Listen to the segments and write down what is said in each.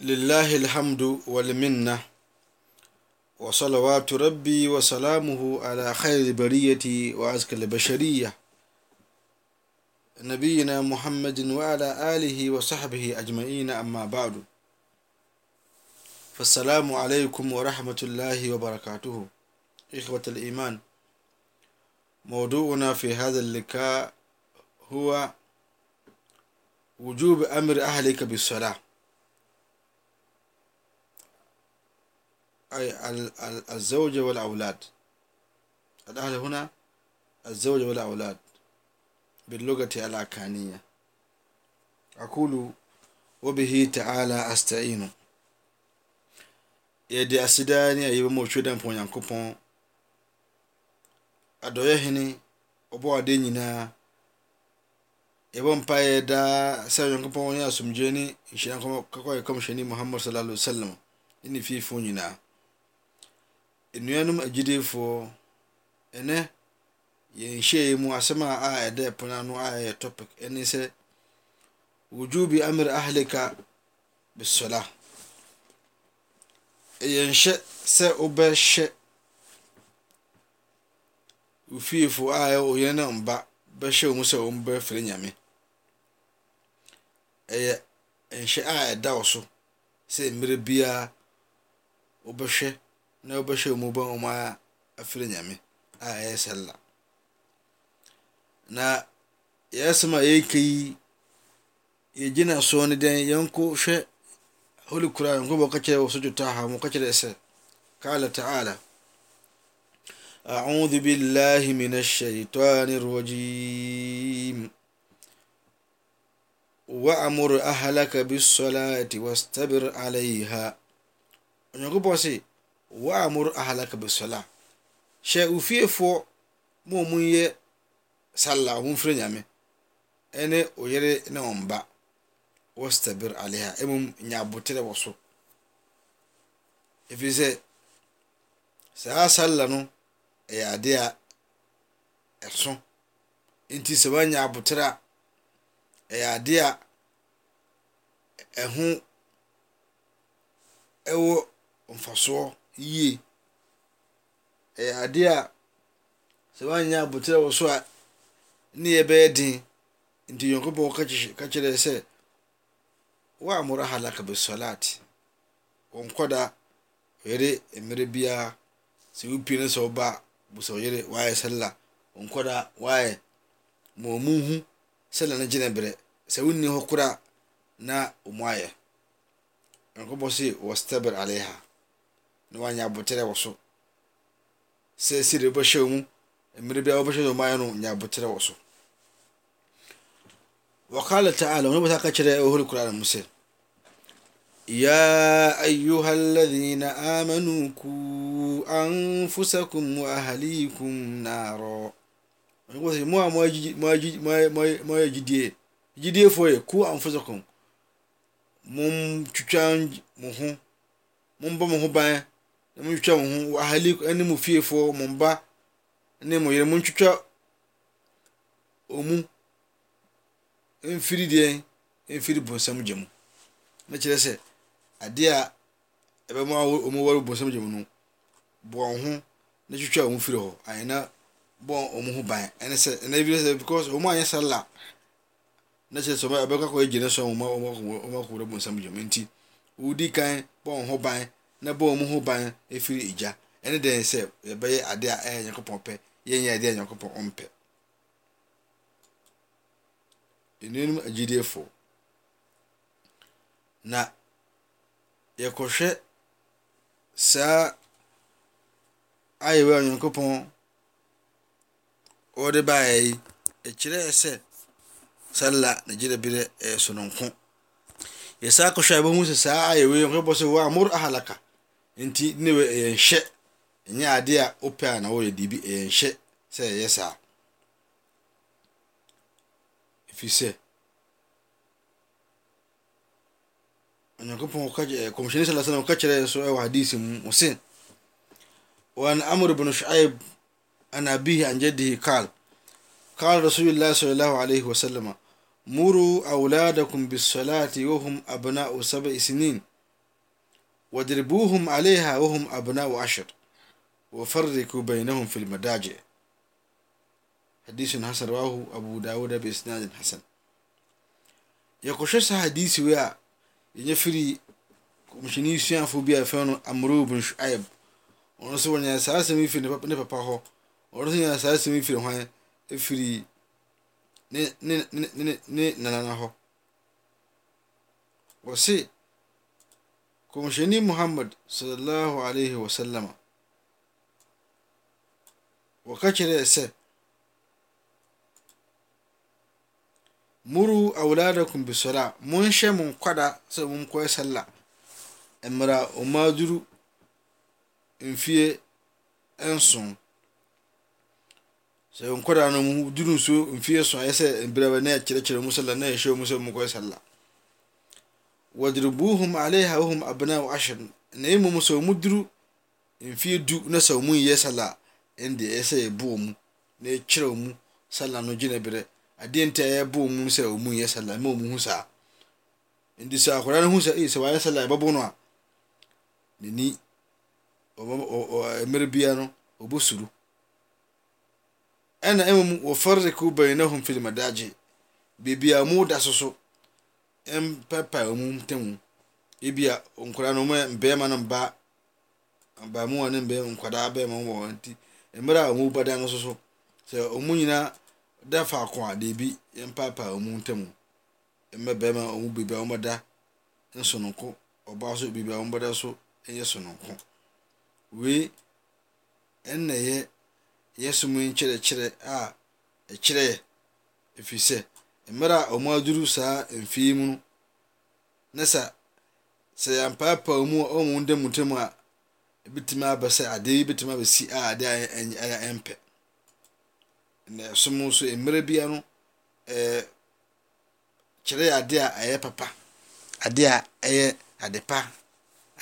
لله الحمد والمنة وصلوات ربي وسلامه على خير البرية وأزكى البشرية نبينا محمد وعلى آله وصحبه أجمعين أما بعد فالسلام عليكم ورحمة الله وبركاته إخوة الإيمان موضوعنا في هذا اللقاء هو وجوب أمر أهلك بالصلاة أي الزوجة والأولاد الأهل هنا الزوجة والأولاد باللغة الأكانية أقول وبه تعالى أستعين yɛde aseda ne ayɛ bɛ ma ɔtwe dɛ mpa onyankopɔn adɔyɛ hene ɔbɔ ade nyinaa ebopa ydaasɛ yankepn ya asomyeni cheni mohamad sl salam ene fiefo yinaa enuanom agidef ane yehyeimu asem aade penn a topic ane se ojubi amir ahlica besola yhye se wobeye ofie fo a oyene mba beye mu se obe fra yame ɛyɛ nhyɛ a ɛda wo so sɛ mmerɛ biara wobɛhwɛ na wobɛhwɛ mu bɔ nwoma afiri nyame a ɛyɛ sɛlla na yɛsɛm a yɛka yi yɛgyina soɔ no dɛn yɛnko hwɛ holy koran nkɔbɔ ka kyerɛ wɔ so dwotaha mu ka kyerɛ sɛ قال ta'ala أعوذ بالله من الشيطان الرجيم wa'amur ahalaka bisolati wastabir alayha onyankopɔn se wa'amur ahalaka bisola hyɛ ofiefoɔ ma ɔmu yɛ salla ɔmu mfiri nyame ɛne ɔyere ne ɔn ba wastabir alayha mmom nya abotere wɔ so ɛfiri sɛ saa no ɛyɛ adeɛ a ɛso nti sɛ woanya a ɛyɛ a ɛho ɛwɔ mfasoɔ yie ɛyɛ adeɛ a sɛ abotire wɔ a ne yɛ bɛyɛ den nti nyankopɔn ka kyerɛ sɛ woamora halaka besolat wo nkɔda ɔyere mmerɛ biara sɛ wopie no sɛ woba a bu sɛ ɔyere woayɛ sɛlla ma hu ae inbere sewoniukra na mye ose wastabr alaha nwayaboter wso se sse yabter oso wakala tlasa r hkrmse ya uhalaina manu k afusacum waahalcum naro ɛnkɔ sɛ mo a mo agyi mo agyi mo ayɛ mo ayɛ gyidie gyidiefoɔ yɛ ku amfo so kɔn mo twitwa mo ho mo mbɔ mo ho ban na mo twitwa mo ho wɔ ahali ɛne mo fiefoɔ mo mba ne mo yere mo ntwitwa omu e mfiri deɛ e mfiri bonsam gya mu mekyerɛ sɛ adeɛ a ɛbɛma ɔmo wɔre bonsam gya mu no boa ho na twitwa omu firi hɔ ayɛ na bɔn wɔn ho ban ɛne sɛ ɛna ebi sɛ because wɔn anyɛ sɛ la na kyerɛ sɛ wɔn ɛbɛkɔ akɔ egyina so wɔn wɔn wɔn bɔ nsɛm nti kan bɔ na bɔ wɔn ho ban efiri egya ɛne dɛn sɛ yɛbɛyɛ adeɛ a ɛyɛ nyakopɔn pɛ yɛnyɛ a e na yɛkɔhwɛ saa ayɛwɛ a wɔde baeɛ yi ɛkyerɛɛ sɛ sala nagyerɛ berɛ ɛyɛ sononko yɛsaa kɔhwɛ a yɛbɛhu sɛ saa ayɛ wei yɛnkɔbɔ sɛ wɔ amor ahalaka nti ne wɔ ɛyɛ nhyɛ ɛnyɛ ade a wopɛ a na wɔyɛ biribi ɛyɛ nhyɛ sɛ ɛyɛ saa ɛfiri sɛ onyankopɔn kɔmhyɛni sala salam ɔka kyerɛ so ɛwɔ hadise mu ɔse wɔn amor bno shuaib عن أبيه عن جده قال قال رسول الله صلى الله عليه وسلم مروا أولادكم بالصلاة وهم أبناء سبع سنين واضربوهم عليها وهم أبناء عشر وفرقوا بينهم في المداجع حديث حسن رواه أبو داود بإسناد حسن يقشس حديث ويا ينفري كمشيني سيان فوبيا فانو أمرو بن شعيب ونصور نيا ساسمي في نبا نبا ɔrehia saa asɛm yi firi hwan firi ne ne ne ne nanana hɔ wɔse kɔmhyɛni muhammad sallallahu alaihi wasallama wɔka kyerɛ sɛ muru auladakum bisola monhyɛ mo nkwada sɛ monkɔɛ sallah mmerɛ ɔmaa duru mfie nson koassaasaa adbhum ala abnase sɛ mu f d asamuyi sala ɛrɛ u saa saɛ saamerbia bosr ɛna mmom wɔfariku bainahum fi lmadagye baabi a mu da so so mpɛpa mu ntamu ebia nkwadaa no mu mbɛrima no mba abaamuwa ne mbɛrima nkwadaa bɛrima wɔ wɔn ti mmerɛ a wɔn bada no so so sɛ wɔn nyinaa da faako a deebi mpɛpa mu ntamu mma bɛrima wɔn baabi a wɔn da nsononko ɔbaa so baabi a wɔn bada so yɛ sononko wei ɛnna yɛ. yɛ som i kyerɛ kyerɛ a ɛkyerɛyɛ ɛfir sɛ mmera a ɔmu aduru saa mfii mu no ne sa sɛ ampaa pamu ɔmudamutamu a bɛtimi abɛsɛ adebɛtumi abɛsi aadeɛɛmpɛ ne som so mmerɛ bia no kyerɛyɛ adeɛ a ɛyɛ papa adeɛ a ɛyɛ ade pa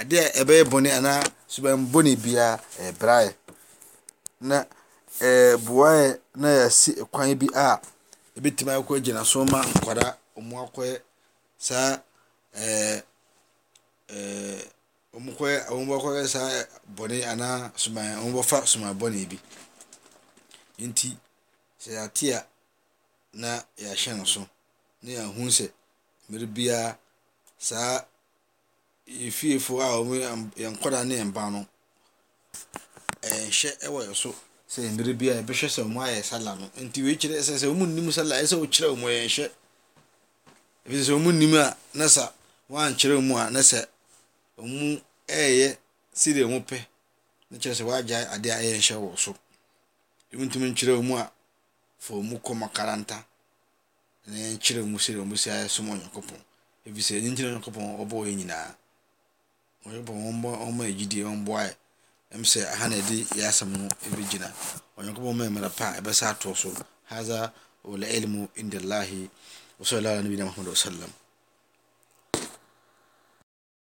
adeɛ a ɛbɛyɛ bɔne anaa so bɛmbɔne biaa ɛbraɛ na ɛɛ eh, beaeɛ eh, na wɔasi kwan bi a ɛbɛtumi akɔ agyina so ma nkwadaa a wɔakɔyɛ eh, saa ɛɛ ɛɛ wɔkɔyɛ wɔakɔyɛ saa bɔne anaa soman wɔbɛfa soman bɔne bi. Nti sɛ yɛate a na yɛahyɛ no so na yɛahu sɛ mmerɛ biara saa efiefo a wɔyɛ yɛn nkwadaa ne yɛn mma no, ɛnhyɛ wɔ yɛn so. sɛ mmerɛ bi a yɛbɛhwɛ sɛ ɔmo ayɛ sala no nti wei kyerɛ sɛ sɛ ɔmo nnim sala ɛsɛ ɔkyerɛ ɔmo yɛnhwɛ ebi sɛ ɔmo nnim a na sa wɔankyerɛ ɔmo a na sɛ ɔmo ɛɛyɛ sidi ɔmo pɛ na kyerɛ sɛ wɔagya adeɛ a ɛyɛnhyɛ wɔ so ebi ntumi nkyerɛ ɔmo a fa ɔmo kɔ makaranta na yɛnkyerɛ ɔmo sidi ɔmo si ayɛ som ɔnyɔkopɔn ebi sɛ ɛnyɛ nkyerɛ ɔnyɔkopɔn ɔbɔ yɛ ɛmsɛ ha na ɛde yɛ asɛm no ɛbɛgyina onyankopɔn ma mmerɛ pa a ɛbɛsa atoɔ so hadha والعلم عند الله وصلى الله على نبينا محمد وسلم